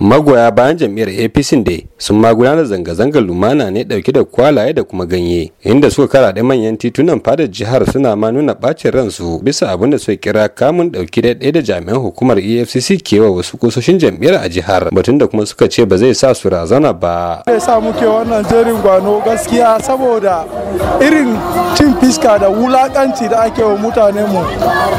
magoya bayan jam'iyyar apc da sun ma gudanar zanga-zangar lumana ne dauke da kwalaye da kuma ganye inda suka da manyan titunan fadar jihar suna ma nuna bacin ransu bisa abin da suka kira kamun dauki ɗaya da jami'an hukumar efcc kewa wasu kusoshin jam'iyyar a jihar batun da kuma suka ce ba zai sa su razana ba ya sa muke wannan jerin gwano gaskiya saboda irin cin fiska da wulakanci da ake wa mutane mu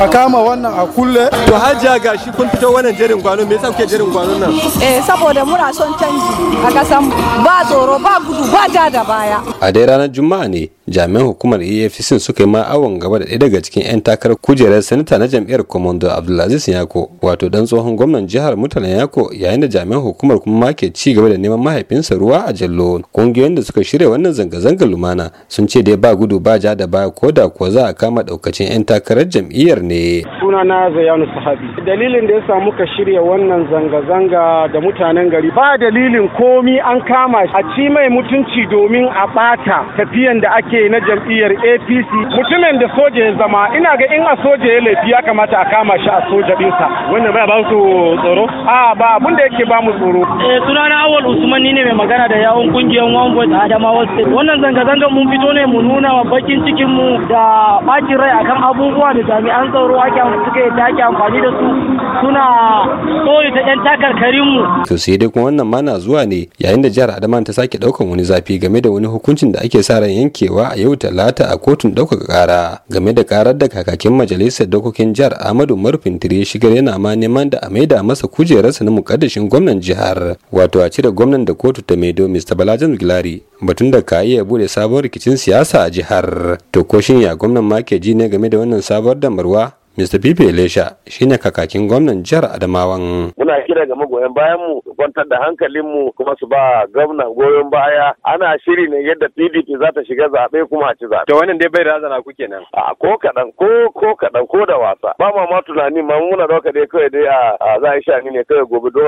a kama wannan a kulle to hajiya gashi kun fito wannan jerin gwano me yasa kuke jerin gwanon nan eh, Eh, saboda muna son canji a kasan ba tsoro ba gudu ba ta da baya a dai ranar juma'a ne jami'an hukumar efcc suka yi ma awon gaba da ɗaya daga cikin 'yan takarar kujerar sanata na jam'iyyar komando abdulaziz yako wato dan tsohon gwamnan jihar mutanen yako yayin da jami'an hukumar kuma ma ke ci gaba da neman mahaifinsa ruwa a jallo kungiyoyin da suka shirya wannan zanga-zangar lumana sun ce dai ba gudu ba ja da ba ko da kuwa za a kama daukacin 'yan takarar jam'iyyar ne Suna na zayanu sahabi dalilin da ya sa muka shirya wannan zanga-zanga da mutanen gari ba dalilin komi an kama a ci mai mutunci domin a bata tafiyan da ake ne na jam'iyyar apc mutumin da soja ya zama ina ga in a soja ya laifi ya kamata a kama shi a soja dinsa wanda ba ba su tsoro a ba abun da yake ba mu tsoro eh sunana awal usman ne mai magana da yawon kungiyar one voice adamawa state wannan zanga-zanga mun fito ne mu nuna wa bakin cikin mu da bakin rai akan abubuwa da jami'an tsaro ake suka yi take amfani da su suna tsori ta yan takarkarin mu to sai dai kuma wannan ma na zuwa ne yayin da jihar adama ta sake daukan wani zafi game da wani hukuncin da ake sa ran yankewa a yau talata a kotun ɗaukaka kara. game da karar da kakakin majalisar dokokin jihar Ahmadu Murfin Tire shigar yana ma neman da a maida masa kujerarsa na mukaddashin gwamnan jihar wato a cire gwamnan da kotu ta maido Mr. Balajan Gilari batun da ka iya bude sabon rikicin siyasa a jihar to ko shin ya gwamnan ma ke ji ne game da wannan sabuwar damarwa Mr. Bibi Elisha shine kakakin gwamnan jihar Adamawan. Muna kira ga magoyan bayan mu su kwantar da hankalin mu kuma su ba gwamna goyon baya. Ana shiri ne yadda PDP za ta shiga zaɓe kuma a ci zaɓe. To wannan dai bai razana ku kenan. A ko kaɗan ko ko kaɗan ko da wasa. Ba ma ma tunani ma muna ɗauka dai kawai dai a za a yi shani ne kawai gobe don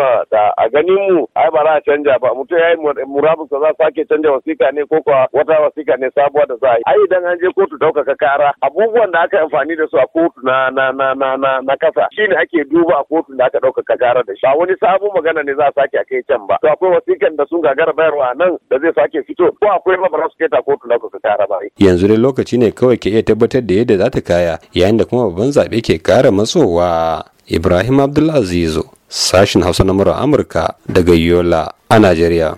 a ganin mu ai ba za a canja ba mutum ya yi murabusa za sake canja wasika ne ko kuwa wata wasika ne sabuwa da za a yi. Ai idan an je kotu ɗaukaka kara abubuwan da aka amfani da su a kotu na na na na na na kasa shine ake duba a kotun da aka ɗaukaka gara da shi ba wani sabon magana ne za a sake a kai can ba to akwai wasikan da sun gagara bayarwa nan da zai sake fito ko akwai ma ba su kotun da aka kara ba yanzu dai lokaci ne kawai ke iya tabbatar da yadda za ta kaya yayin da kuma babban zaɓe ke kara matsowa Ibrahim Abdulaziz sashin Hausa na Amurka daga Yola a Najeriya